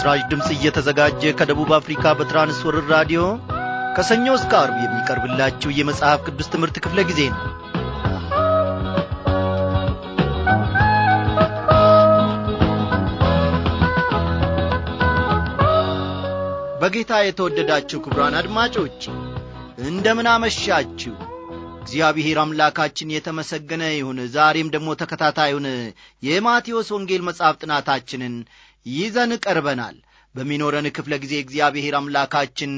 ለምስራች ድምፅ እየተዘጋጀ ከደቡብ አፍሪካ በትራንስወርር ራዲዮ ከሰኞ እስከ አርብ የሚቀርብላችሁ የመጽሐፍ ቅዱስ ትምህርት ክፍለ ጊዜ ነው በጌታ የተወደዳችሁ ክብራን አድማጮች እንደምን አመሻችሁ እግዚአብሔር አምላካችን የተመሰገነ ይሁን ዛሬም ደግሞ ተከታታዩን የማቴዎስ ወንጌል መጽሐፍ ጥናታችንን ይዘን ቀርበናል። በሚኖረን ክፍለ ጊዜ እግዚአብሔር አምላካችን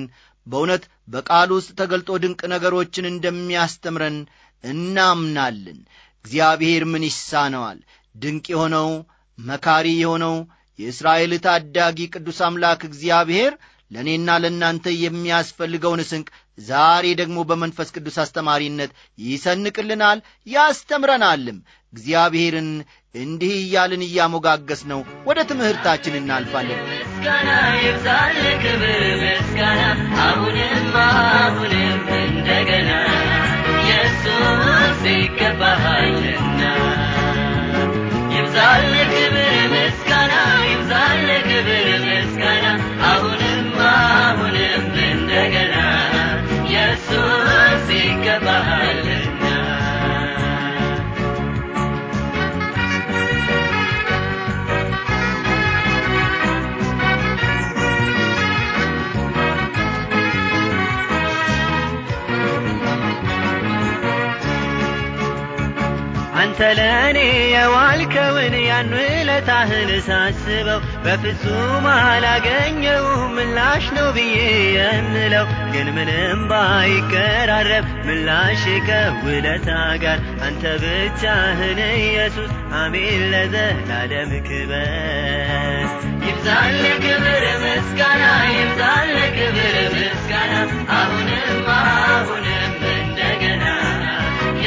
በእውነት በቃል ውስጥ ተገልጦ ድንቅ ነገሮችን እንደሚያስተምረን እናምናለን። እግዚአብሔር ምን ይሳነዋል? ድንቅ የሆነው መካሪ የሆነው የእስራኤል ታዳጊ ቅዱስ አምላክ እግዚአብሔር ለእኔና ለእናንተ የሚያስፈልገውን ስንቅ ዛሬ ደግሞ በመንፈስ ቅዱስ አስተማሪነት ይሰንቅልናል፣ ያስተምረናልም። እግዚአብሔርን እንዲህ እያልን እያሞጋገስ ነው ወደ ትምህርታችን እናልፋለን ምስጋና ይብዛል ክብር ምስጋና አሁንም አሁንም እንደገና ኢየሱስ ይገባሃልና ይብዛል አንተ ለእኔ የዋልከውን ያን ውለታህን ሳስበው በፍጹም አላገኘውም ምላሽ ነው ብዬ የምለው ግን ምንም ባይቀራረብ ምላሽ ከውለታ ጋር አንተ ብቻህን ኢየሱስ አሜን ለዘላለም ክበር ይብዛል ክብር ምስጋና ይብዛል ክብር ምስጋና አሁንም አሁንም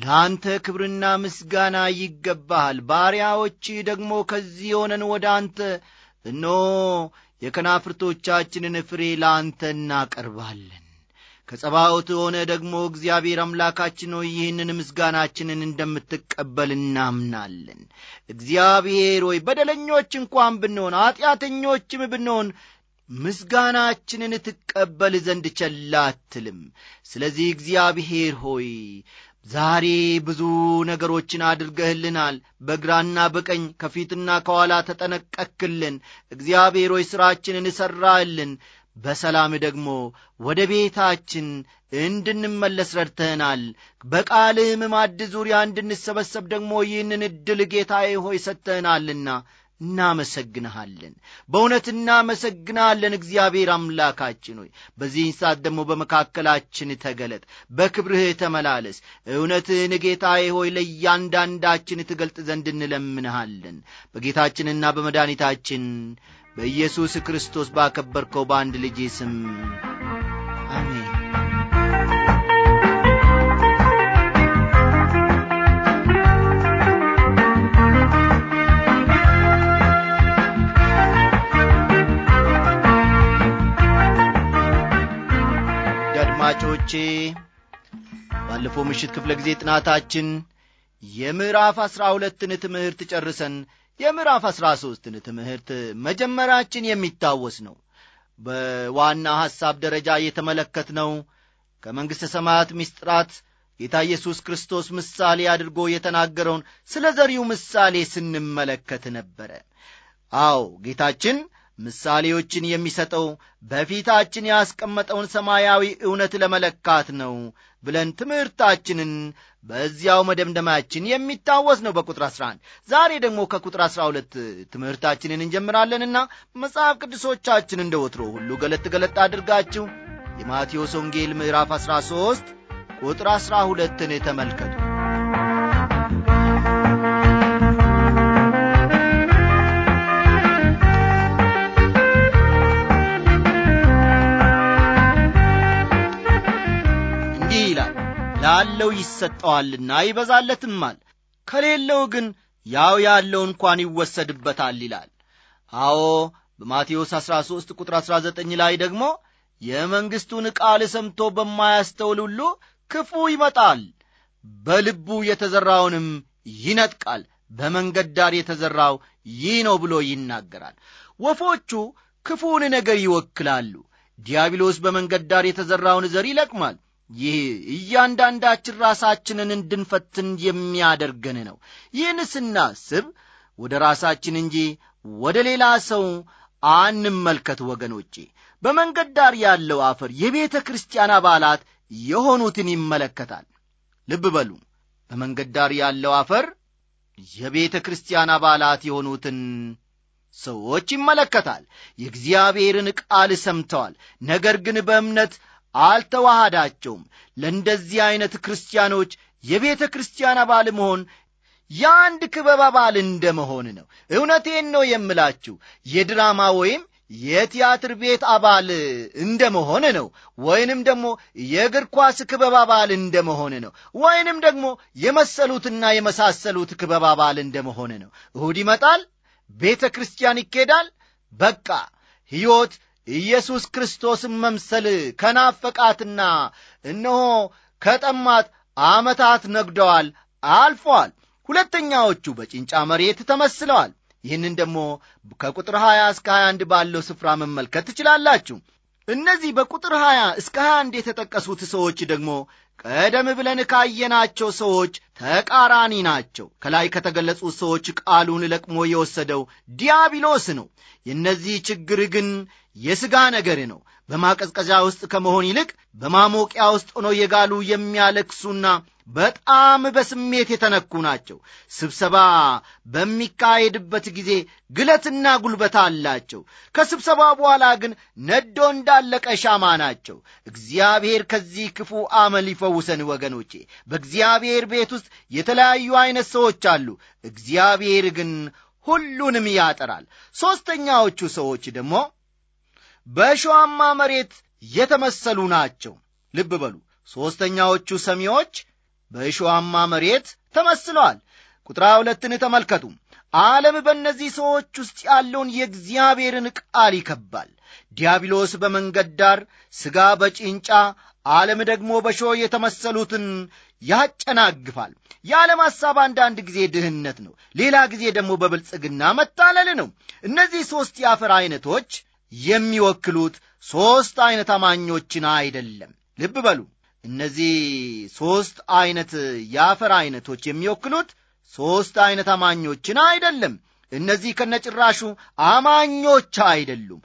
ለአንተ ክብርና ምስጋና ይገባሃል ባሪያዎች ደግሞ ከዚህ ሆነን ወደ አንተ እኖ የከናፍርቶቻችንን ፍሬ ለአንተ እናቀርባለን ከጸባዖት ሆነ ደግሞ እግዚአብሔር አምላካችን ሆይ ይህንን ምስጋናችንን እንደምትቀበል እናምናለን እግዚአብሔር ሆይ በደለኞች እንኳን ብንሆን ኀጢአተኞችም ብንሆን ምስጋናችንን ትቀበል ዘንድ ቸላትልም ስለዚህ እግዚአብሔር ሆይ ዛሬ ብዙ ነገሮችን አድርገህልናል። በግራና በቀኝ ከፊትና ከኋላ ተጠነቀክልን። እግዚአብሔር ሆይ ሥራችንን እሠራህልን። በሰላም ደግሞ ወደ ቤታችን እንድንመለስ ረድተህናል። በቃልህ ማዕድ ዙሪያ እንድንሰበሰብ ደግሞ ይህንን ዕድል ጌታዬ ሆይ ሰጥተህናልና እናመሰግንሃለን። በእውነት እናመሰግንሃለን እግዚአብሔር አምላካችን ሆይ። በዚህን ሰዓት ደግሞ በመካከላችን ተገለጥ፣ በክብርህ ተመላለስ። እውነትህን ጌታዬ ሆይ ለእያንዳንዳችን ትገልጥ ዘንድ እንለምንሃለን። በጌታችንና በመድኃኒታችን በኢየሱስ ክርስቶስ ባከበርከው በአንድ ልጄ ስም አድማጮቼ ባለፈው ምሽት ክፍለ ጊዜ ጥናታችን የምዕራፍ ዐሥራ ሁለትን ትምህርት ጨርሰን የምዕራፍ ዐሥራ ሦስትን ትምህርት መጀመራችን የሚታወስ ነው በዋና ሐሳብ ደረጃ የተመለከትነው ከመንግሥተ ሰማያት ምስጢራት ጌታ ኢየሱስ ክርስቶስ ምሳሌ አድርጎ የተናገረውን ስለ ዘሪው ምሳሌ ስንመለከት ነበረ አዎ ጌታችን ምሳሌዎችን የሚሰጠው በፊታችን ያስቀመጠውን ሰማያዊ እውነት ለመለካት ነው ብለን ትምህርታችንን በዚያው መደምደማችን የሚታወስ ነው። በቁጥር 11 ዛሬ ደግሞ ከቁጥር 12 ትምህርታችንን እንጀምራለንና መጽሐፍ ቅዱሶቻችን እንደ ወትሮ ሁሉ ገለጥ ገለጥ አድርጋችሁ የማቴዎስ ወንጌል ምዕራፍ 13 ቁጥር 12ን ተመልከቱ። ላለው ይሰጠዋልና ይበዛለትማል፣ ከሌለው ግን ያው ያለው እንኳን ይወሰድበታል ይላል። አዎ በማቴዎስ 13 ቁጥር 19 ላይ ደግሞ የመንግሥቱን ቃል ሰምቶ በማያስተውል ሁሉ ክፉ ይመጣል፣ በልቡ የተዘራውንም ይነጥቃል፣ በመንገድ ዳር የተዘራው ይህ ነው ብሎ ይናገራል። ወፎቹ ክፉውን ነገር ይወክላሉ። ዲያብሎስ በመንገድ ዳር የተዘራውን ዘር ይለቅማል። ይህ እያንዳንዳችን ራሳችንን እንድንፈትን የሚያደርገን ነው። ይህን ስናስብ ወደ ራሳችን እንጂ ወደ ሌላ ሰው አንመልከት ወገኖቼ። በመንገድ ዳር ያለው አፈር የቤተ ክርስቲያን አባላት የሆኑትን ይመለከታል። ልብ በሉ፣ በመንገድ ዳር ያለው አፈር የቤተ ክርስቲያን አባላት የሆኑትን ሰዎች ይመለከታል። የእግዚአብሔርን ቃል ሰምተዋል፣ ነገር ግን በእምነት አልተዋሃዳቸውም። ለእንደዚህ ዐይነት ክርስቲያኖች የቤተ ክርስቲያን አባል መሆን የአንድ ክበብ አባል እንደ መሆን ነው። እውነቴን ነው የምላችሁ የድራማ ወይም የቲያትር ቤት አባል እንደ መሆን ነው። ወይንም ደግሞ የእግር ኳስ ክበብ አባል እንደ መሆን ነው። ወይንም ደግሞ የመሰሉትና የመሳሰሉት ክበብ አባል እንደ መሆን ነው። እሁድ ይመጣል፣ ቤተ ክርስቲያን ይኬዳል። በቃ ሕይወት ኢየሱስ ክርስቶስን መምሰል ከናፈቃትና እነሆ ከጠማት ዓመታት ነግደዋል፣ አልፈዋል። ሁለተኛዎቹ በጭንጫ መሬት ተመስለዋል። ይህንን ደግሞ ከቁጥር 20 እስከ 21 ባለው ስፍራ መመልከት ትችላላችሁ። እነዚህ በቁጥር 20 እስከ 21 የተጠቀሱት ሰዎች ደግሞ ቀደም ብለን ካየናቸው ሰዎች ተቃራኒ ናቸው። ከላይ ከተገለጹት ሰዎች ቃሉን ለቅሞ የወሰደው ዲያብሎስ ነው። የእነዚህ ችግር ግን የሥጋ ነገር ነው። በማቀዝቀዣ ውስጥ ከመሆን ይልቅ በማሞቂያ ውስጥ ሆነው የጋሉ የሚያለክሱና በጣም በስሜት የተነኩ ናቸው። ስብሰባ በሚካሄድበት ጊዜ ግለትና ጉልበት አላቸው። ከስብሰባ በኋላ ግን ነዶ እንዳለቀ ሻማ ናቸው። እግዚአብሔር ከዚህ ክፉ አመል ይፈውሰን። ወገኖቼ በእግዚአብሔር ቤት ውስጥ የተለያዩ አይነት ሰዎች አሉ። እግዚአብሔር ግን ሁሉንም ያጠራል። ሦስተኛዎቹ ሰዎች ደግሞ በሸዋማ መሬት የተመሰሉ ናቸው። ልብ በሉ ሦስተኛዎቹ ሰሚዎች በሸዋማ መሬት ተመስለዋል። ቁጥራ ሁለትን ተመልከቱ። ዓለም በእነዚህ ሰዎች ውስጥ ያለውን የእግዚአብሔርን ቃል ይከባል። ዲያብሎስ በመንገድ ዳር፣ ሥጋ በጭንጫ ዓለም ደግሞ በሾ የተመሰሉትን ያጨናግፋል። የዓለም ሐሳብ አንዳንድ ጊዜ ድህነት ነው፣ ሌላ ጊዜ ደግሞ በብልጽግና መታለል ነው። እነዚህ ሦስት የአፈር ዐይነቶች የሚወክሉት ሦስት ዐይነት አማኞችን አይደለም። ልብ በሉ። እነዚህ ሦስት ዐይነት የአፈር ዐይነቶች የሚወክሉት ሦስት ዐይነት አማኞችን አይደለም። እነዚህ ከነጭራሹ አማኞች አይደሉም።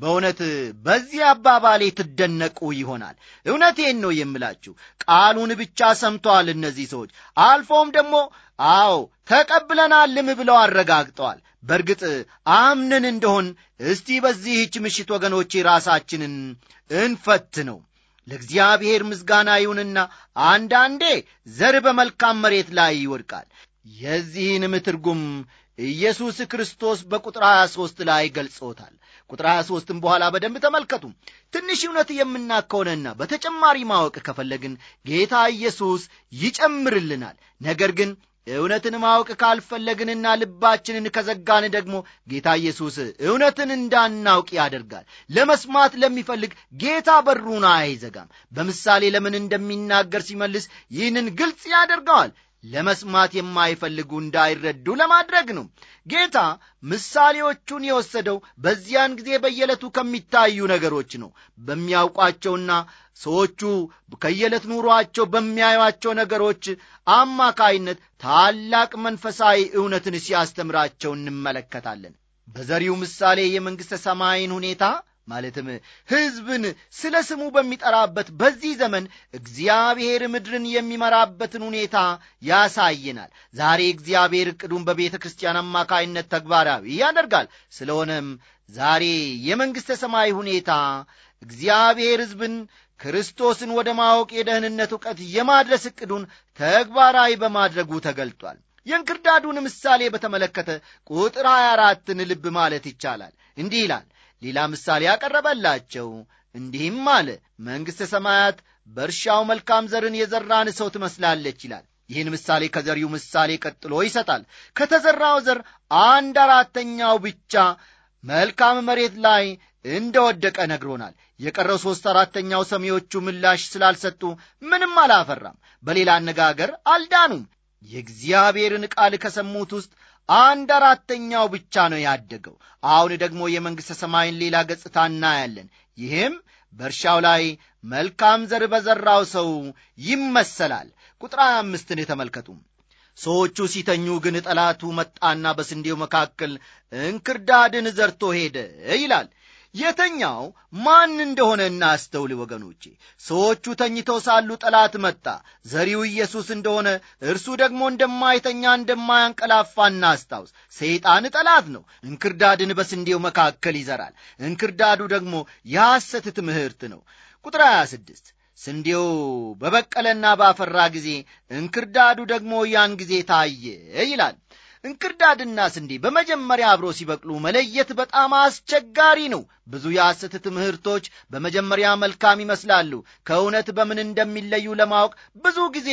በእውነት በዚህ አባባሌ ትደነቁ ይሆናል። እውነቴን ነው የምላችሁ። ቃሉን ብቻ ሰምተዋል እነዚህ ሰዎች፣ አልፎም ደግሞ አዎ ተቀብለናልም ብለው አረጋግጠዋል። በእርግጥ አምነን እንደሆን እስቲ በዚህች ምሽት ወገኖቼ ራሳችንን እንፈት ነው። ለእግዚአብሔር ምስጋና ይሁንና አንዳንዴ ዘር በመልካም መሬት ላይ ይወድቃል። የዚህንም ትርጉም ኢየሱስ ክርስቶስ በቁጥር 23 ላይ ገልጾታል። ቁጥር 23ም በኋላ በደንብ ተመልከቱ። ትንሽ እውነት የምናከውነና በተጨማሪ ማወቅ ከፈለግን ጌታ ኢየሱስ ይጨምርልናል። ነገር ግን እውነትን ማወቅ ካልፈለግንና ልባችንን ከዘጋን ደግሞ ጌታ ኢየሱስ እውነትን እንዳናውቅ ያደርጋል። ለመስማት ለሚፈልግ ጌታ በሩን አይዘጋም። በምሳሌ ለምን እንደሚናገር ሲመልስ ይህንን ግልጽ ያደርገዋል። ለመስማት የማይፈልጉ እንዳይረዱ ለማድረግ ነው። ጌታ ምሳሌዎቹን የወሰደው በዚያን ጊዜ በየዕለቱ ከሚታዩ ነገሮች ነው። በሚያውቋቸውና ሰዎቹ ከየዕለት ኑሯቸው በሚያዩቸው ነገሮች አማካይነት ታላቅ መንፈሳዊ እውነትን ሲያስተምራቸው እንመለከታለን። በዘሪው ምሳሌ የመንግሥተ ሰማይን ሁኔታ ማለትም ሕዝብን ስለ ስሙ በሚጠራበት በዚህ ዘመን እግዚአብሔር ምድርን የሚመራበትን ሁኔታ ያሳየናል። ዛሬ እግዚአብሔር ዕቅዱን በቤተ ክርስቲያን አማካይነት ተግባራዊ ያደርጋል። ስለሆነም ዛሬ የመንግሥተ ሰማይ ሁኔታ እግዚአብሔር ሕዝብን ክርስቶስን ወደ ማወቅ የደህንነት ዕውቀት የማድረስ ዕቅዱን ተግባራዊ በማድረጉ ተገልጧል። የእንክርዳዱን ምሳሌ በተመለከተ ቁጥር 24ን ልብ ማለት ይቻላል። እንዲህ ይላል ሌላ ምሳሌ አቀረበላቸው እንዲህም አለ መንግሥተ ሰማያት በእርሻው መልካም ዘርን የዘራን ሰው ትመስላለች ይላል ይህን ምሳሌ ከዘሪው ምሳሌ ቀጥሎ ይሰጣል ከተዘራው ዘር አንድ አራተኛው ብቻ መልካም መሬት ላይ እንደወደቀ ነግሮናል የቀረው ሦስት አራተኛው ሰሚዎቹ ምላሽ ስላልሰጡ ምንም አላፈራም በሌላ አነጋገር አልዳኑም የእግዚአብሔርን ቃል ከሰሙት ውስጥ አንድ አራተኛው ብቻ ነው ያደገው። አሁን ደግሞ የመንግሥተ ሰማይን ሌላ ገጽታ እናያለን። ይህም በእርሻው ላይ መልካም ዘር በዘራው ሰው ይመሰላል። ቁጥር ሃያ አምስትን የተመልከቱ። ሰዎቹ ሲተኙ ግን ጠላቱ መጣና በስንዴው መካከል እንክርዳድን ዘርቶ ሄደ ይላል። የተኛው ማን እንደሆነ እናስተውል ወገኖቼ። ሰዎቹ ተኝተው ሳሉ ጠላት መጣ። ዘሪው ኢየሱስ እንደሆነ እርሱ ደግሞ እንደማይተኛ እንደማያንቀላፋ እናስታውስ። ሰይጣን ጠላት ነው። እንክርዳድን በስንዴው መካከል ይዘራል። እንክርዳዱ ደግሞ የሐሰት ትምህርት ነው። ቁጥር 26 ስንዴው በበቀለና ባፈራ ጊዜ እንክርዳዱ ደግሞ ያን ጊዜ ታየ ይላል። እንክርዳድና ስንዴ በመጀመሪያ አብሮ ሲበቅሉ መለየት በጣም አስቸጋሪ ነው። ብዙ የሐሰት ትምህርቶች በመጀመሪያ መልካም ይመስላሉ። ከእውነት በምን እንደሚለዩ ለማወቅ ብዙ ጊዜ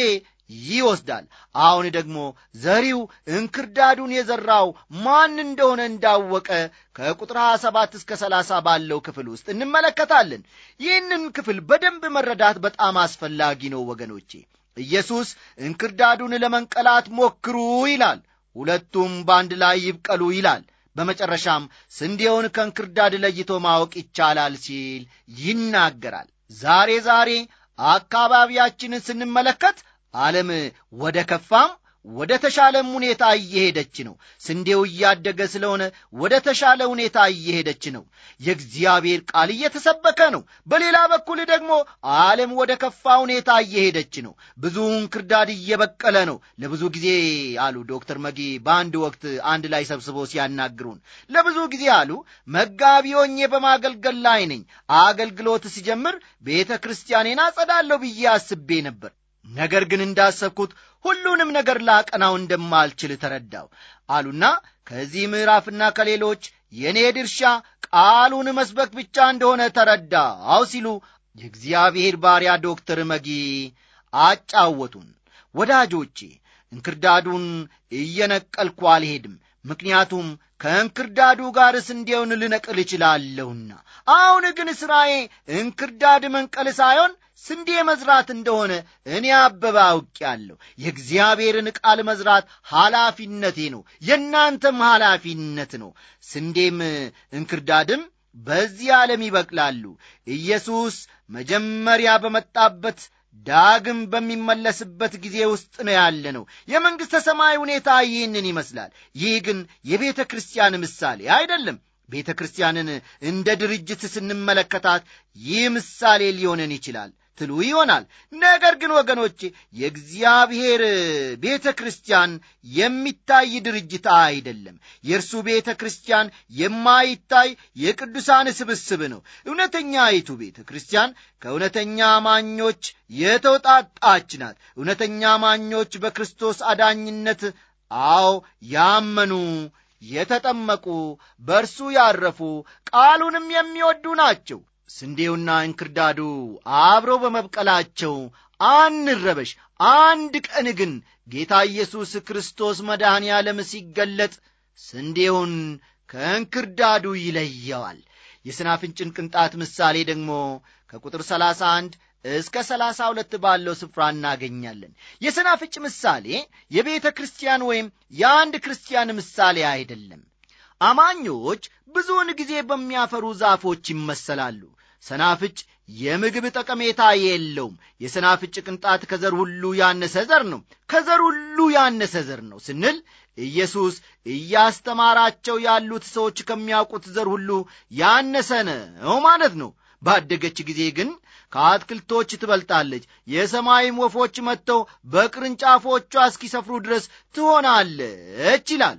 ይወስዳል። አሁን ደግሞ ዘሪው እንክርዳዱን የዘራው ማን እንደሆነ እንዳወቀ ከቁጥር 27 እስከ 30 ባለው ክፍል ውስጥ እንመለከታለን። ይህንን ክፍል በደንብ መረዳት በጣም አስፈላጊ ነው ወገኖቼ። ኢየሱስ እንክርዳዱን ለመንቀላት ሞክሩ ይላል። ሁለቱም በአንድ ላይ ይብቀሉ ይላል። በመጨረሻም ስንዴውን ከእንክርዳድ ለይቶ ማወቅ ይቻላል ሲል ይናገራል። ዛሬ ዛሬ አካባቢያችንን ስንመለከት ዓለም ወደ ከፋም ወደ ተሻለም ሁኔታ እየሄደች ነው። ስንዴው እያደገ ስለሆነ ወደ ተሻለ ሁኔታ እየሄደች ነው። የእግዚአብሔር ቃል እየተሰበከ ነው። በሌላ በኩል ደግሞ ዓለም ወደ ከፋ ሁኔታ እየሄደች ነው። ብዙ እንክርዳድ እየበቀለ ነው። ለብዙ ጊዜ አሉ ዶክተር መጊ በአንድ ወቅት አንድ ላይ ሰብስቦ ሲያናግሩን፣ ለብዙ ጊዜ አሉ መጋቢ ሆኜ በማገልገል ላይ ነኝ። አገልግሎት ሲጀምር ቤተ ክርስቲያኔን አጸዳለሁ ብዬ አስቤ ነበር ነገር ግን እንዳሰብኩት ሁሉንም ነገር ላቀናው እንደማልችል ተረዳው አሉና ከዚህ ምዕራፍና ከሌሎች የእኔ ድርሻ ቃሉን መስበክ ብቻ እንደሆነ ተረዳው ሲሉ የእግዚአብሔር ባሪያ ዶክተር መጊ አጫወቱን። ወዳጆቼ እንክርዳዱን እየነቀልኩ አልሄድም፣ ምክንያቱም ከእንክርዳዱ ጋር ስንዴውን ልነቅል እችላለሁና። አሁን ግን ሥራዬ እንክርዳድ መንቀል ሳይሆን ስንዴ መዝራት እንደሆነ እኔ አበበ አውቅያለሁ። የእግዚአብሔርን ቃል መዝራት ኃላፊነቴ ነው፣ የእናንተም ኃላፊነት ነው። ስንዴም እንክርዳድም በዚህ ዓለም ይበቅላሉ። ኢየሱስ መጀመሪያ በመጣበት ዳግም በሚመለስበት ጊዜ ውስጥ ነው ያለ ነው። የመንግሥተ ሰማይ ሁኔታ ይህንን ይመስላል። ይህ ግን የቤተ ክርስቲያን ምሳሌ አይደለም። ቤተ ክርስቲያንን እንደ ድርጅት ስንመለከታት ይህ ምሳሌ ሊሆነን ይችላል። ትሉ ይሆናል። ነገር ግን ወገኖች የእግዚአብሔር ቤተ ክርስቲያን የሚታይ ድርጅት አይደለም። የእርሱ ቤተ ክርስቲያን የማይታይ የቅዱሳን ስብስብ ነው። እውነተኛይቱ ቤተ ክርስቲያን ከእውነተኛ አማኞች የተውጣጣች ናት። እውነተኛ አማኞች በክርስቶስ አዳኝነት አዎ ያመኑ የተጠመቁ፣ በእርሱ ያረፉ፣ ቃሉንም የሚወዱ ናቸው። ስንዴውና እንክርዳዱ አብሮ በመብቀላቸው አንረበሽ። አንድ ቀን ግን ጌታ ኢየሱስ ክርስቶስ መድኃኔ ዓለም ሲገለጥ ስንዴውን ከእንክርዳዱ ይለየዋል። የስናፍንጭን ቅንጣት ምሳሌ ደግሞ ከቁጥር 31 እስከ 32 ባለው ስፍራ እናገኛለን። የሰናፍጭ ምሳሌ የቤተ ክርስቲያን ወይም የአንድ ክርስቲያን ምሳሌ አይደለም። አማኞች ብዙውን ጊዜ በሚያፈሩ ዛፎች ይመሰላሉ። ሰናፍጭ የምግብ ጠቀሜታ የለውም። የሰናፍጭ ቅንጣት ከዘር ሁሉ ያነሰ ዘር ነው። ከዘር ሁሉ ያነሰ ዘር ነው ስንል ኢየሱስ እያስተማራቸው ያሉት ሰዎች ከሚያውቁት ዘር ሁሉ ያነሰ ነው ማለት ነው። ባደገች ጊዜ ግን ከአትክልቶች ትበልጣለች፣ የሰማይም ወፎች መጥተው በቅርንጫፎቿ እስኪሰፍሩ ድረስ ትሆናለች ይላል።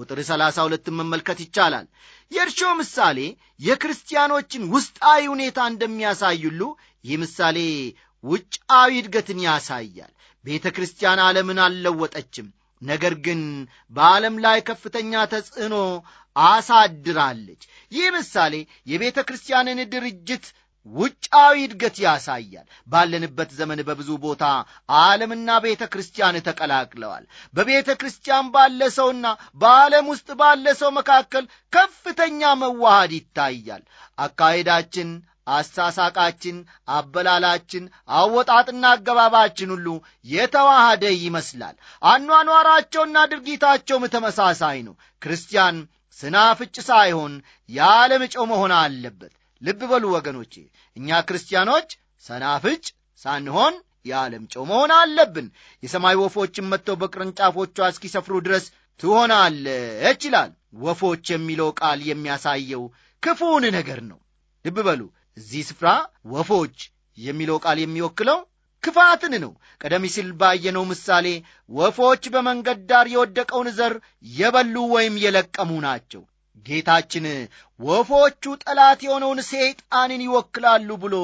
ቁጥር ሁለትን መመልከት ይቻላል። የእርሾ ምሳሌ የክርስቲያኖችን ውስጣዊ ሁኔታ እንደሚያሳዩሉ ይህ ምሳሌ ውጫዊ እድገትን ያሳያል። ቤተ ክርስቲያን ዓለምን አልለወጠችም፣ ነገር ግን በዓለም ላይ ከፍተኛ ተጽዕኖ አሳድራለች። ይህ ምሳሌ የቤተ ክርስቲያንን ድርጅት ውጫዊ እድገት ያሳያል። ባለንበት ዘመን በብዙ ቦታ ዓለምና ቤተ ክርስቲያን ተቀላቅለዋል። በቤተ ክርስቲያን ባለ ሰውና በዓለም ውስጥ ባለ ሰው መካከል ከፍተኛ መዋሃድ ይታያል። አካሄዳችን፣ አሳሳቃችን፣ አበላላችን፣ አወጣጥና አገባባችን ሁሉ የተዋሃደ ይመስላል። አኗኗራቸውና ድርጊታቸውም ተመሳሳይ ነው። ክርስቲያን ስናፍጭ ሳይሆን የዓለም ጨው መሆን አለበት። ልብ በሉ ወገኖቼ፣ እኛ ክርስቲያኖች ሰናፍጭ ሳንሆን የዓለም ጨው መሆን አለብን። የሰማይ ወፎችን መጥተው በቅርንጫፎቿ እስኪሰፍሩ ድረስ ትሆናለች ይላል። ወፎች የሚለው ቃል የሚያሳየው ክፉውን ነገር ነው። ልብ በሉ እዚህ ስፍራ ወፎች የሚለው ቃል የሚወክለው ክፋትን ነው። ቀደም ሲል ባየነው ምሳሌ ወፎች በመንገድ ዳር የወደቀውን ዘር የበሉ ወይም የለቀሙ ናቸው። ጌታችን ወፎቹ ጠላት የሆነውን ሰይጣንን ይወክላሉ ብሎ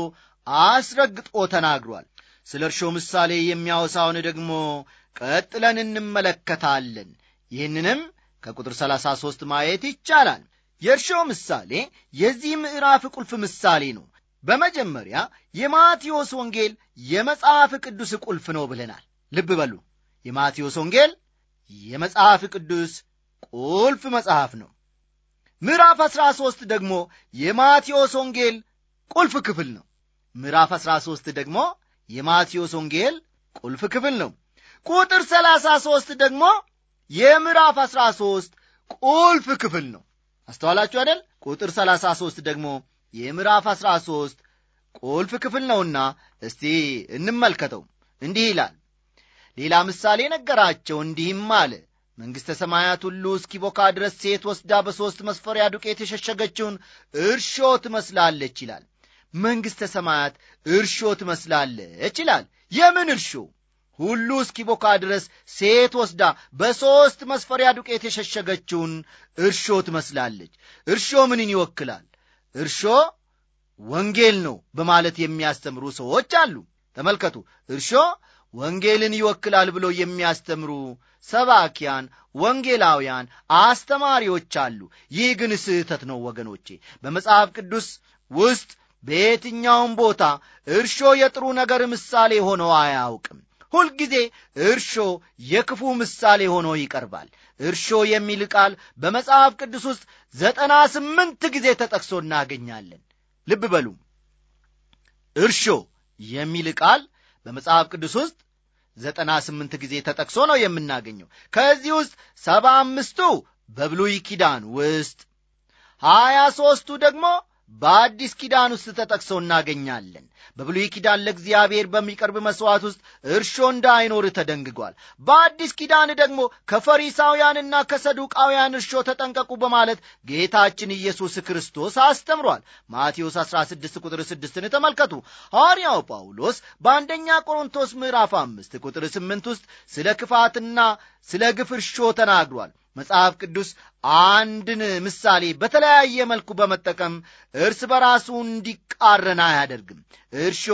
አስረግጦ ተናግሯል። ስለ እርሾ ምሳሌ የሚያወሳውን ደግሞ ቀጥለን እንመለከታለን። ይህንንም ከቁጥር 33 ማየት ይቻላል። የእርሾ ምሳሌ የዚህ ምዕራፍ ቁልፍ ምሳሌ ነው። በመጀመሪያ የማቴዎስ ወንጌል የመጽሐፍ ቅዱስ ቁልፍ ነው ብለናል። ልብ በሉ፣ የማቴዎስ ወንጌል የመጽሐፍ ቅዱስ ቁልፍ መጽሐፍ ነው። ምዕራፍ አሥራ ሦስት ደግሞ የማቴዎስ ወንጌል ቁልፍ ክፍል ነው። ምዕራፍ አሥራ ሦስት ደግሞ የማቴዎስ ወንጌል ቁልፍ ክፍል ነው። ቁጥር ሰላሳ ሦስት ደግሞ የምዕራፍ አሥራ ሦስት ቁልፍ ክፍል ነው። አስተዋላችሁ አይደል? ቁጥር ሰላሳ ሦስት ደግሞ የምዕራፍ አሥራ ሦስት ቁልፍ ክፍል ነውና እስቲ እንመልከተው። እንዲህ ይላል፣ ሌላ ምሳሌ ነገራቸው እንዲህም አለ መንግሥተ ሰማያት ሁሉ እስኪቦካ ድረስ ሴት ወስዳ በሦስት መስፈሪያ ዱቄት የሸሸገችውን እርሾ ትመስላለች ይላል። መንግሥተ ሰማያት እርሾ ትመስላለች ይላል። የምን እርሾ? ሁሉ እስኪቦካ ድረስ ሴት ወስዳ በሦስት መስፈሪያ ዱቄት የሸሸገችውን እርሾ ትመስላለች። እርሾ ምንን ይወክላል? እርሾ ወንጌል ነው በማለት የሚያስተምሩ ሰዎች አሉ። ተመልከቱ፣ እርሾ ወንጌልን ይወክላል ብሎ የሚያስተምሩ ሰባኪያን፣ ወንጌላውያን፣ አስተማሪዎች አሉ። ይህ ግን ስህተት ነው ወገኖቼ። በመጽሐፍ ቅዱስ ውስጥ በየትኛውም ቦታ እርሾ የጥሩ ነገር ምሳሌ ሆኖ አያውቅም። ሁልጊዜ እርሾ የክፉ ምሳሌ ሆኖ ይቀርባል። እርሾ የሚል ቃል በመጽሐፍ ቅዱስ ውስጥ ዘጠና ስምንት ጊዜ ተጠቅሶ እናገኛለን። ልብ በሉ እርሾ የሚል ቃል በመጽሐፍ ቅዱስ ውስጥ ዘጠና ስምንት ጊዜ ተጠቅሶ ነው የምናገኘው። ከዚህ ውስጥ ሰባ አምስቱ በብሉይ ኪዳን ውስጥ ሀያ ሦስቱ ደግሞ በአዲስ ኪዳን ውስጥ ተጠቅሶ እናገኛለን። በብሉይ ኪዳን ለእግዚአብሔር በሚቀርብ መሥዋዕት ውስጥ እርሾ እንዳይኖር ተደንግጓል። በአዲስ ኪዳን ደግሞ ከፈሪሳውያንና ከሰዱቃውያን እርሾ ተጠንቀቁ በማለት ጌታችን ኢየሱስ ክርስቶስ አስተምሯል። ማቴዎስ 16 ቁጥር 6ን ተመልከቱ። ሐዋርያው ጳውሎስ በአንደኛ ቆሮንቶስ ምዕራፍ 5 ቁጥር 8 ውስጥ ስለ ክፋትና ስለ ግፍ እርሾ ተናግሯል። መጽሐፍ ቅዱስ አንድን ምሳሌ በተለያየ መልኩ በመጠቀም እርስ በራሱ እንዲቃረን አያደርግም። እርሾ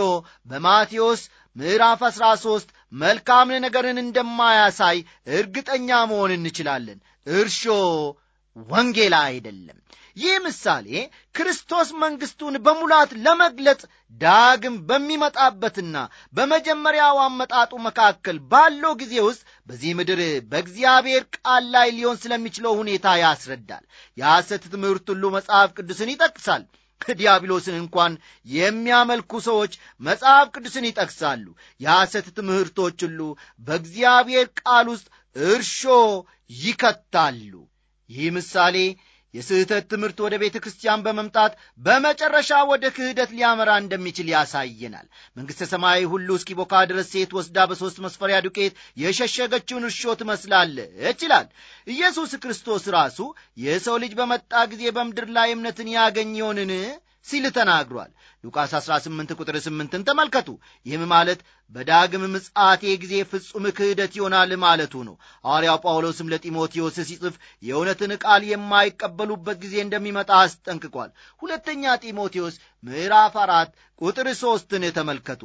በማቴዎስ ምዕራፍ 13 መልካም ነገርን እንደማያሳይ እርግጠኛ መሆን እንችላለን። እርሾ ወንጌላ አይደለም። ይህ ምሳሌ ክርስቶስ መንግሥቱን በሙላት ለመግለጽ ዳግም በሚመጣበትና በመጀመሪያው አመጣጡ መካከል ባለው ጊዜ ውስጥ በዚህ ምድር በእግዚአብሔር ቃል ላይ ሊሆን ስለሚችለው ሁኔታ ያስረዳል። የሐሰት ትምህርት ሁሉ መጽሐፍ ቅዱስን ይጠቅሳል። ዲያብሎስን እንኳን የሚያመልኩ ሰዎች መጽሐፍ ቅዱስን ይጠቅሳሉ። የሐሰት ትምህርቶች ሁሉ በእግዚአብሔር ቃል ውስጥ እርሾ ይከታሉ። ይህ ምሳሌ የስህተት ትምህርት ወደ ቤተ ክርስቲያን በመምጣት በመጨረሻ ወደ ክህደት ሊያመራ እንደሚችል ያሳየናል። መንግሥተ ሰማይ ሁሉ እስኪቦካ ድረስ ሴት ወስዳ በሦስት መስፈሪያ ዱቄት የሸሸገችውን እርሾ ትመስላለች ይላል። ኢየሱስ ክርስቶስ ራሱ የሰው ልጅ በመጣ ጊዜ በምድር ላይ እምነትን ያገኘውንን ሲል ተናግሯል። ሉቃስ 18 ቁጥር 8ን ተመልከቱ። ይህም ማለት በዳግም ምጽአቴ ጊዜ ፍጹም ክህደት ይሆናል ማለቱ ነው። ሐዋርያው ጳውሎስም ለጢሞቴዎስ ሲጽፍ የእውነትን ቃል የማይቀበሉበት ጊዜ እንደሚመጣ አስጠንቅቋል። ሁለተኛ ጢሞቴዎስ ምዕራፍ አራት ቁጥር ሦስትን ተመልከቱ።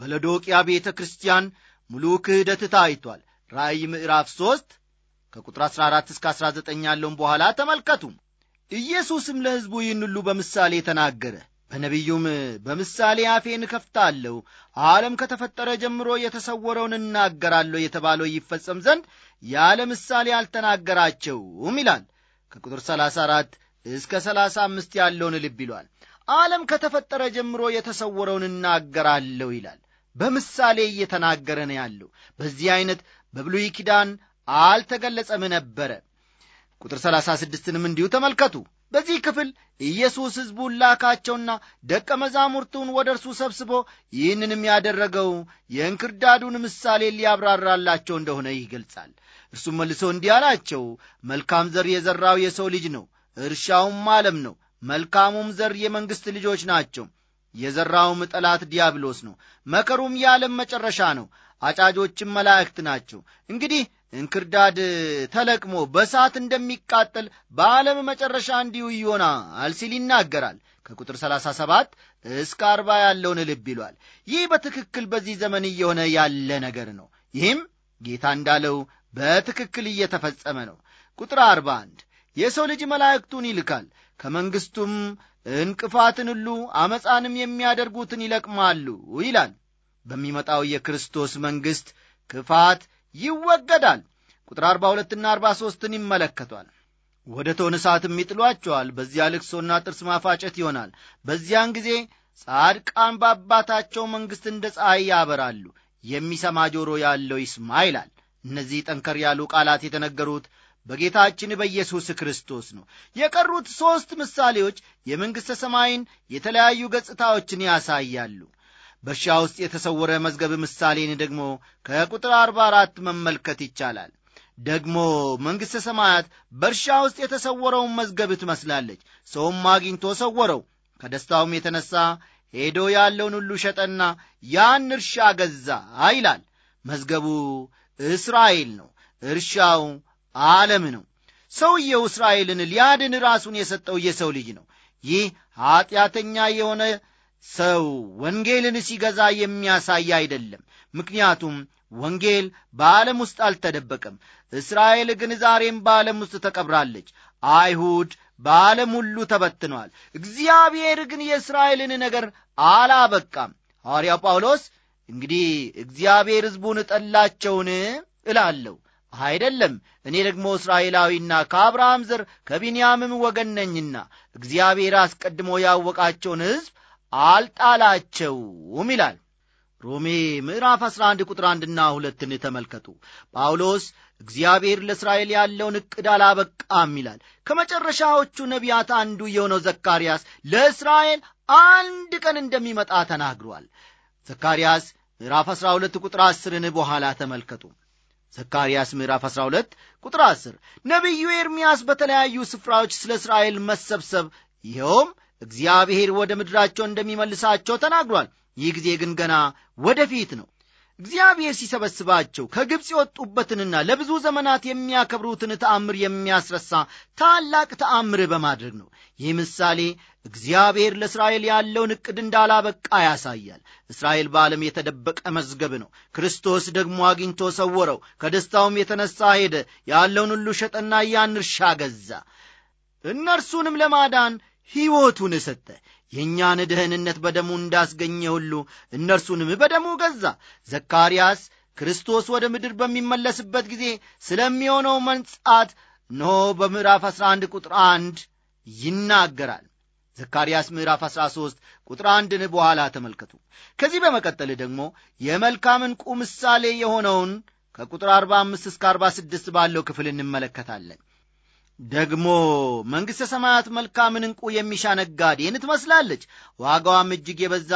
በሎዶቅያ ቤተ ክርስቲያን ሙሉ ክህደት ታይቷል። ራእይ ምዕራፍ 3 ከቁጥር 14 እስከ 19 ያለውን በኋላ ተመልከቱ። ኢየሱስም ለሕዝቡ ይህን ሁሉ በምሳሌ ተናገረ። በነቢዩም በምሳሌ አፌን እከፍታለሁ፣ ዓለም ከተፈጠረ ጀምሮ የተሰወረውን እናገራለሁ የተባለው ይፈጸም ዘንድ ያለ ምሳሌ አልተናገራቸውም ይላል። ከቁጥር 34 እስከ 35 ያለውን ልብ ይሏል። ዓለም ከተፈጠረ ጀምሮ የተሰወረውን እናገራለሁ ይላል። በምሳሌ እየተናገረ ነው ያለው። በዚህ ዐይነት በብሉይ ኪዳን አልተገለጸም ነበረ። ቁጥር 36ንም እንዲሁ ተመልከቱ። በዚህ ክፍል ኢየሱስ ሕዝቡን ላካቸውና ደቀ መዛሙርቱን ወደ እርሱ ሰብስቦ ይህንንም ያደረገው የእንክርዳዱን ምሳሌ ሊያብራራላቸው እንደሆነ ይገልጻል። እርሱም መልሶ እንዲህ አላቸው፣ መልካም ዘር የዘራው የሰው ልጅ ነው፣ እርሻውም ዓለም ነው። መልካሙም ዘር የመንግሥት ልጆች ናቸው። የዘራውም ጠላት ዲያብሎስ ነው። መከሩም የዓለም መጨረሻ ነው። አጫጆችም መላእክት ናቸው። እንግዲህ እንክርዳድ ተለቅሞ በሳት እንደሚቃጠል በዓለም መጨረሻ እንዲሁ ይሆናል ሲል ይናገራል። ከቁጥር 37 እስከ 40 ያለውን ልብ ይሏል። ይህ በትክክል በዚህ ዘመን እየሆነ ያለ ነገር ነው። ይህም ጌታ እንዳለው በትክክል እየተፈጸመ ነው። ቁጥር 41 የሰው ልጅ መላእክቱን ይልካል፣ ከመንግሥቱም እንቅፋትን ሁሉ አመፃንም የሚያደርጉትን ይለቅማሉ ይላል። በሚመጣው የክርስቶስ መንግሥት ክፋት ይወገዳል። ቁጥር 42ና 43ን ይመለከቷል። ወደ እቶነ እሳትም ይጥሏቸዋል። በዚያ ልቅሶና ጥርስ ማፋጨት ይሆናል። በዚያን ጊዜ ጻድቃን በአባታቸው መንግሥት እንደ ፀሐይ ያበራሉ። የሚሰማ ጆሮ ያለው ይስማ ይላል። እነዚህ ጠንከር ያሉ ቃላት የተነገሩት በጌታችን በኢየሱስ ክርስቶስ ነው። የቀሩት ሦስት ምሳሌዎች የመንግሥተ ሰማይን የተለያዩ ገጽታዎችን ያሳያሉ። በእርሻ ውስጥ የተሰወረ መዝገብ ምሳሌን ደግሞ ከቁጥር 44 መመልከት ይቻላል። ደግሞ መንግሥተ ሰማያት በእርሻ ውስጥ የተሰወረውን መዝገብ ትመስላለች። ሰውም አግኝቶ ሰወረው፣ ከደስታውም የተነሳ ሄዶ ያለውን ሁሉ ሸጠና ያን እርሻ ገዛ ይላል። መዝገቡ እስራኤል ነው፣ እርሻው ዓለም ነው። ሰውየው እስራኤልን ሊያድን ራሱን የሰጠው የሰው ልጅ ነው። ይህ ኀጢአተኛ የሆነ ሰው ወንጌልን ሲገዛ የሚያሳይ አይደለም። ምክንያቱም ወንጌል በዓለም ውስጥ አልተደበቀም። እስራኤል ግን ዛሬም በዓለም ውስጥ ተቀብራለች። አይሁድ በዓለም ሁሉ ተበትነዋል። እግዚአብሔር ግን የእስራኤልን ነገር አላበቃም። ሐዋርያው ጳውሎስ እንግዲህ እግዚአብሔር ሕዝቡን እጠላቸውን እላለሁ አይደለም። እኔ ደግሞ እስራኤላዊና ከአብርሃም ዘር ከቢንያምም ወገን ነኝና እግዚአብሔር አስቀድሞ ያወቃቸውን ሕዝብ አልጣላቸውም ይላል። ሮሜ ምዕራፍ 11 ቁጥር 1ና 2ን ተመልከቱ። ጳውሎስ እግዚአብሔር ለእስራኤል ያለውን ዕቅድ አላበቃም ይላል። ከመጨረሻዎቹ ነቢያት አንዱ የሆነው ዘካርያስ ለእስራኤል አንድ ቀን እንደሚመጣ ተናግሯል። ዘካርያስ ምዕራፍ 12 ቁጥር 10ን በኋላ ተመልከቱ። ዘካርያስ ምዕራፍ 12 ቁጥር 10 ነቢዩ ኤርምያስ በተለያዩ ስፍራዎች ስለ እስራኤል መሰብሰብ ይኸውም እግዚአብሔር ወደ ምድራቸው እንደሚመልሳቸው ተናግሯል። ይህ ጊዜ ግን ገና ወደፊት ነው። እግዚአብሔር ሲሰበስባቸው ከግብፅ የወጡበትንና ለብዙ ዘመናት የሚያከብሩትን ተአምር የሚያስረሳ ታላቅ ተአምር በማድረግ ነው። ይህ ምሳሌ እግዚአብሔር ለእስራኤል ያለውን ዕቅድ እንዳላበቃ ያሳያል። እስራኤል በዓለም የተደበቀ መዝገብ ነው። ክርስቶስ ደግሞ አግኝቶ ሰወረው። ከደስታውም የተነሳ ሄደ። ያለውን ሁሉ ሸጠና ያን እርሻ ገዛ። እነርሱንም ለማዳን ሕይወቱን ሰጠ። የእኛን ደህንነት በደሙ እንዳስገኘ ሁሉ እነርሱንም በደሙ ገዛ። ዘካርያስ ክርስቶስ ወደ ምድር በሚመለስበት ጊዜ ስለሚሆነው መንጻት እነሆ በምዕራፍ 11 ቁጥር 1 ይናገራል። ዘካርያስ ምዕራፍ 13 ቁጥር አንድን በኋላ ተመልከቱ። ከዚህ በመቀጠል ደግሞ የመልካም ዕንቁ ምሳሌ የሆነውን ከቁጥር 45 እስከ 46 ባለው ክፍል እንመለከታለን። ደግሞ መንግሥተ ሰማያት መልካምን ዕንቁ የሚሻ ነጋዴን ትመስላለች። ዋጋዋም እጅግ የበዛ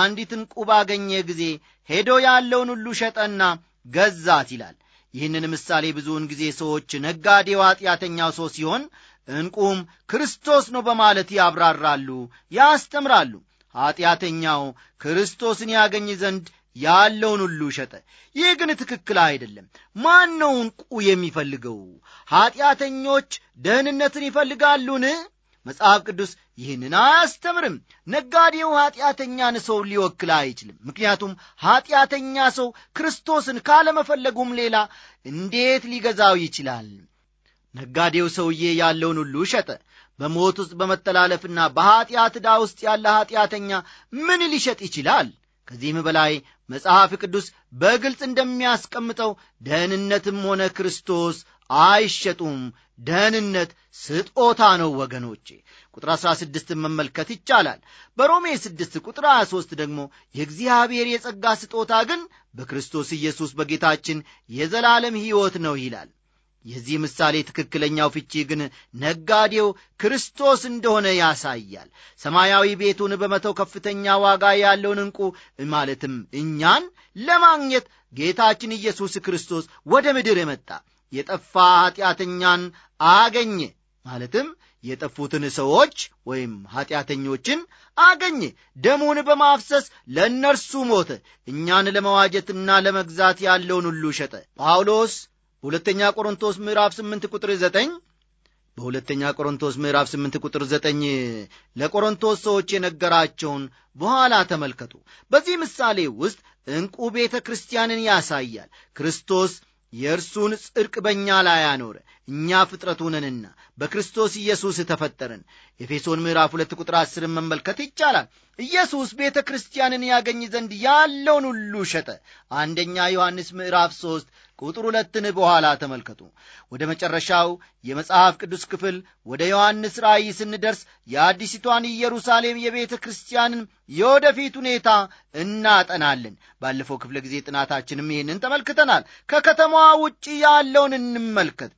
አንዲት ዕንቁ ባገኘ ጊዜ ሄዶ ያለውን ሁሉ ሸጠና ገዛት ይላል። ይህንን ምሳሌ ብዙውን ጊዜ ሰዎች ነጋዴው ኃጢአተኛው ሰው ሲሆን ዕንቁም ክርስቶስ ነው በማለት ያብራራሉ፣ ያስተምራሉ። ኃጢአተኛው ክርስቶስን ያገኝ ዘንድ ያለውን ሁሉ ሸጠ። ይህ ግን ትክክል አይደለም። ማን ነው ዕንቁ የሚፈልገው? ኀጢአተኞች ደህንነትን ይፈልጋሉን? መጽሐፍ ቅዱስ ይህንን አያስተምርም። ነጋዴው ኀጢአተኛን ሰው ሊወክል አይችልም። ምክንያቱም ኀጢአተኛ ሰው ክርስቶስን ካለመፈለጉም ሌላ እንዴት ሊገዛው ይችላል? ነጋዴው ሰውዬ ያለውን ሁሉ ሸጠ። በሞት ውስጥ በመተላለፍና በኀጢአት ዕዳ ውስጥ ያለ ኀጢአተኛ ምን ሊሸጥ ይችላል? ከዚህም በላይ መጽሐፍ ቅዱስ በግልጽ እንደሚያስቀምጠው ደህንነትም ሆነ ክርስቶስ አይሸጡም። ደህንነት ስጦታ ነው ወገኖቼ። ቁጥር 16 መመልከት ይቻላል። በሮሜ 6 ቁጥር 23 ደግሞ የእግዚአብሔር የጸጋ ስጦታ ግን በክርስቶስ ኢየሱስ በጌታችን የዘላለም ሕይወት ነው ይላል። የዚህ ምሳሌ ትክክለኛው ፍቺ ግን ነጋዴው ክርስቶስ እንደሆነ ያሳያል። ሰማያዊ ቤቱን በመተው ከፍተኛ ዋጋ ያለውን ዕንቁ ማለትም እኛን ለማግኘት ጌታችን ኢየሱስ ክርስቶስ ወደ ምድር የመጣ የጠፋ ኀጢአተኛን አገኘ ማለትም የጠፉትን ሰዎች ወይም ኀጢአተኞችን አገኘ። ደሙን በማፍሰስ ለእነርሱ ሞተ። እኛን ለመዋጀትና ለመግዛት ያለውን ሁሉ ሸጠ። ጳውሎስ ሁለተኛ ቆሮንቶስ ምዕራፍ 8 ቁጥር 9 በሁለተኛ ቆሮንቶስ ምዕራፍ 8 ቁጥር 9 ለቆሮንቶስ ሰዎች የነገራቸውን በኋላ ተመልከቱ። በዚህ ምሳሌ ውስጥ ዕንቁ ቤተ ክርስቲያንን ያሳያል። ክርስቶስ የእርሱን ጽድቅ በእኛ ላይ አኖረ። እኛ ፍጥረቱ ነንና በክርስቶስ ኢየሱስ ተፈጠርን። ኤፌሶን ምዕራፍ ሁለት ቁጥር አስርን መመልከት ይቻላል። ኢየሱስ ቤተ ክርስቲያንን ያገኝ ዘንድ ያለውን ሁሉ ሸጠ። አንደኛ ዮሐንስ ምዕራፍ ሦስት ቁጥር ሁለትን በኋላ ተመልከቱ። ወደ መጨረሻው የመጽሐፍ ቅዱስ ክፍል ወደ ዮሐንስ ራእይ ስንደርስ የአዲሲቷን ኢየሩሳሌም የቤተ ክርስቲያንን የወደፊት ሁኔታ እናጠናለን። ባለፈው ክፍለ ጊዜ ጥናታችንም ይህንን ተመልክተናል። ከከተማዋ ውጭ ያለውን እንመልከት።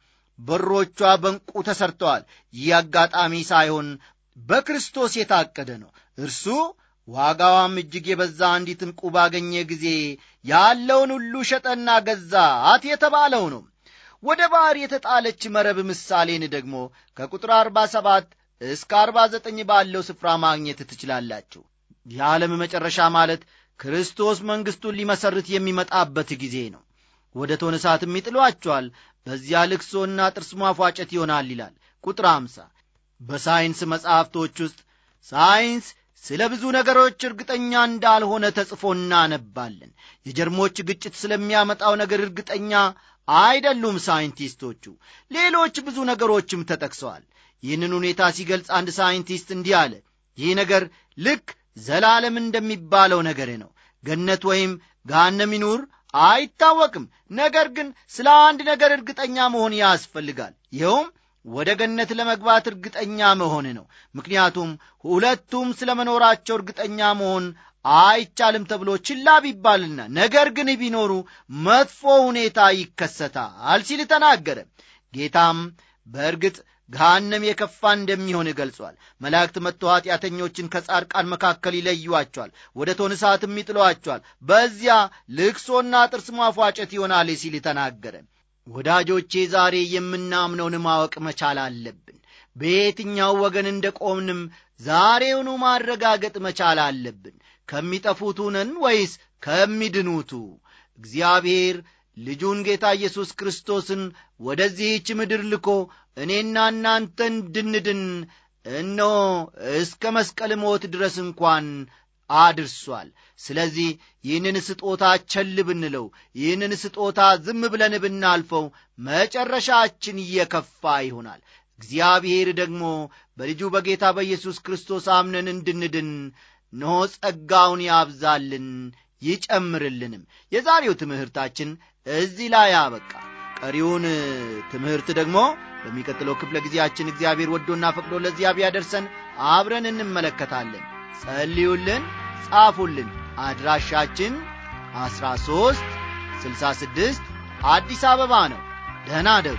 በሮቿ በንቁ ተሰርተዋል። ይህ አጋጣሚ ሳይሆን በክርስቶስ የታቀደ ነው። እርሱ ዋጋዋም እጅግ የበዛ አንዲት ዕንቁ ባገኘ ጊዜ ያለውን ሁሉ ሸጠና ገዛት የተባለው ነው። ወደ ባሕር የተጣለች መረብ ምሳሌን ደግሞ ከቁጥር 47 እስከ 49 ባለው ስፍራ ማግኘት ትችላላችሁ። የዓለም መጨረሻ ማለት ክርስቶስ መንግሥቱን ሊመሠርት የሚመጣበት ጊዜ ነው። ወደ እቶነ እሳትም ይጥሏቸዋል፣ በዚያ ልክሶና ጥርስ ማፏጨት ይሆናል ይላል ቁጥር አምሳ በሳይንስ መጻሕፍቶች ውስጥ ሳይንስ ስለ ብዙ ነገሮች እርግጠኛ እንዳልሆነ ተጽፎ እናነባለን። የጀርሞች ግጭት ስለሚያመጣው ነገር እርግጠኛ አይደሉም ሳይንቲስቶቹ። ሌሎች ብዙ ነገሮችም ተጠቅሰዋል። ይህንን ሁኔታ ሲገልጽ አንድ ሳይንቲስት እንዲህ አለ። ይህ ነገር ልክ ዘላለም እንደሚባለው ነገር ነው። ገነት ወይም ገሃነም ይኑር አይታወቅም። ነገር ግን ስለ አንድ ነገር እርግጠኛ መሆን ያስፈልጋል። ይኸውም ወደ ገነት ለመግባት እርግጠኛ መሆን ነው። ምክንያቱም ሁለቱም ስለ መኖራቸው እርግጠኛ መሆን አይቻልም ተብሎ ችላ ቢባልና ነገር ግን ቢኖሩ መጥፎ ሁኔታ ይከሰታል ሲል ተናገረ። ጌታም በእርግጥ ገሃነም የከፋ እንደሚሆን ገልጿል። መላእክት መጥቶ ኃጢአተኞችን ከጻድቃን መካከል ይለዩዋቸዋል፣ ወደ እቶነ እሳትም ይጥለዋቸዋል፣ በዚያ ልቅሶና ጥርስ ማፏጨት ይሆናል ሲል ተናገረ። ወዳጆቼ ዛሬ የምናምነውን ማወቅ መቻል አለብን። በየትኛው ወገን እንደ ቆምንም ዛሬውኑ ማረጋገጥ መቻል አለብን። ከሚጠፉት ነን ወይስ ከሚድኑቱ? እግዚአብሔር ልጁን ጌታ ኢየሱስ ክርስቶስን ወደዚህች ምድር ልኮ እኔና እናንተ እንድንድን እነሆ እስከ መስቀል ሞት ድረስ እንኳን አድርሷል። ስለዚህ ይህንን ስጦታ ቸል ብንለው፣ ይህንን ስጦታ ዝም ብለን ብናልፈው መጨረሻችን እየከፋ ይሆናል። እግዚአብሔር ደግሞ በልጁ በጌታ በኢየሱስ ክርስቶስ አምነን እንድንድን ኖ ጸጋውን ያብዛልን ይጨምርልንም። የዛሬው ትምህርታችን እዚህ ላይ አበቃ። ቀሪውን ትምህርት ደግሞ በሚቀጥለው ክፍለ ጊዜያችን እግዚአብሔር ወዶና ፈቅዶ ለዚያ ቢያደርሰን አብረን እንመለከታለን። ጸልዩልን፣ ጻፉልን። አድራሻችን 13 66 አዲስ አበባ ነው። ደህና አደሩ።